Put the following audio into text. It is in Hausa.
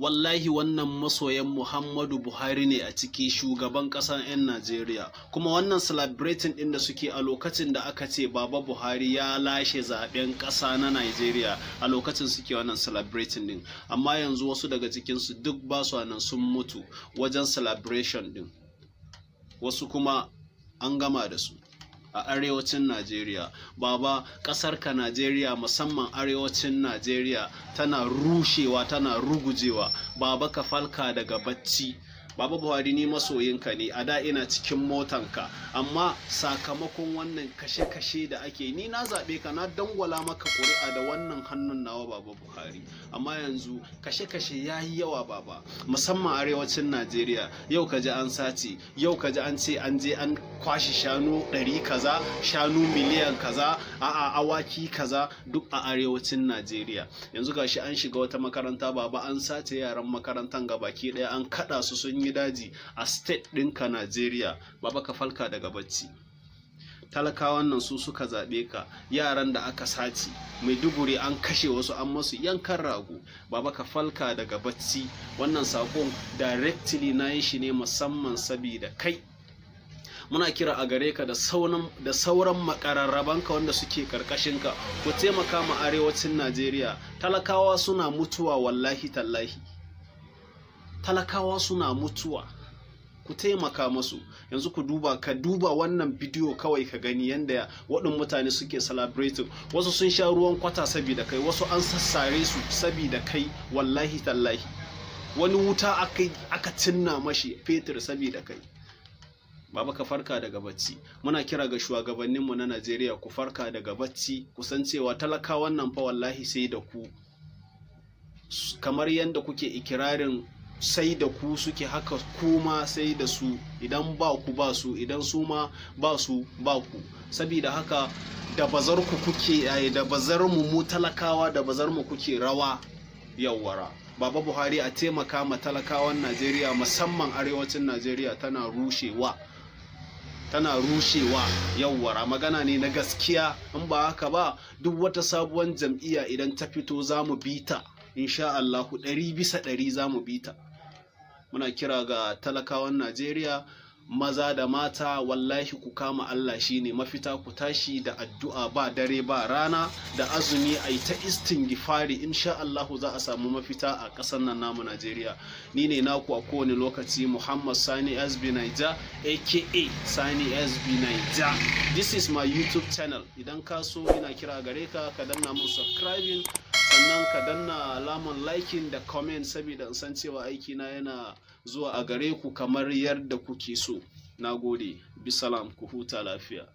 wallahi wannan masoyan muhammadu buhari ne a ciki shugaban ƙasar 'yan najeriya kuma wannan celebrating ɗin da suke a lokacin da aka ce baba buhari ya lashe zaɓen ƙasa na najeriya a lokacin suke wannan celebrating ɗin amma yanzu wasu daga cikinsu duk ba su nan sun mutu wajen celebration ɗin wasu kuma an gama da su a arewacin najeriya baba ƙasarka najeriya musamman arewacin najeriya tana rushewa tana rugujewa baba ka falka daga bacci baba buhari ni masoyinka ne a da ina cikin motanka amma sakamakon wannan kashe-kashe da ake ni na zaɓe ka na dangwala maka ƙuri'a da wannan hannun nawa baba buhari amma yanzu kashe-kashe ya yi yawa baba musamman arewacin najeriya yau ka ji an sace yau ka ji an ce an je an Kwashi shanu ɗari kaza shanu miliyan kaza a'a awaki kaza duk a arewacin najeriya yanzu gashi an shiga wata makaranta baba an sace yaran makarantar ga baki ɗaya an kaɗa su sun yi daji a state ɗinka najeriya baba ka falka daga bacci talakawan nan su suka zaɓe ka yaran da aka sace Mai duburi an kashe wasu an masu yankan rago baba ka falka daga bacci wannan saƙon directly na yi shi ne musamman sabida kai muna kira a gare ka da sauran makararrabanka wanda suke karkashinka ku taimaka ma arewacin najeriya talakawa suna mutuwa wallahi tallahi talakawa suna mutuwa ku taimaka masu yanzu ku duba ka duba wannan bidiyo kawai ka gani yadda waɗin mutane suke celebrating wasu sun sha ruwan kwata sabida kai wasu an sassare su sabida kai wallahi tallahi wani wuta aka cinna mashi fetur sabida kai Baba ka farka daga bacci. Muna kira ga shugabanninmu na Najeriya ku farka daga bacci, kusan cewa talakawan nan fa wallahi sai da ku. Kamar yadda kuke ikirarin sai da ku suke haka kuma sai da su idan ba ku ba su idan su ma ba su ba ku sabida haka da bazar ku kuke yaye da bazar mu mu talakawa da bazar mu kuke rawa yawwara baba buhari a taimaka ma talakawan najeriya musamman arewacin najeriya tana rushewa tana rushewa yawwara magana ne na gaskiya in ba haka ba duk wata sabuwar jam'iyya idan ta fito za mu bi ta insha Allahu ɗari bisa ɗari za mu bi ta muna kira ga talakawan Najeriya maza da mata wallahi ku kama Allah shine mafita ku tashi da addu'a ba dare ba rana da azumi ai ta istingifari insha Allahu za a samu mafita a ƙasar nan namu Najeriya ni ne naku a kowane lokaci Muhammad Sani SB Naija aka Sani SB Naija this is my YouTube channel idan ka so ina kira gare ka ka danna mu subscribing sannan ka danna alaman liking da comment saboda in san cewa aikina yana zuwa a gare ku kamar yadda kuke so na gode bisalam ku huta lafiya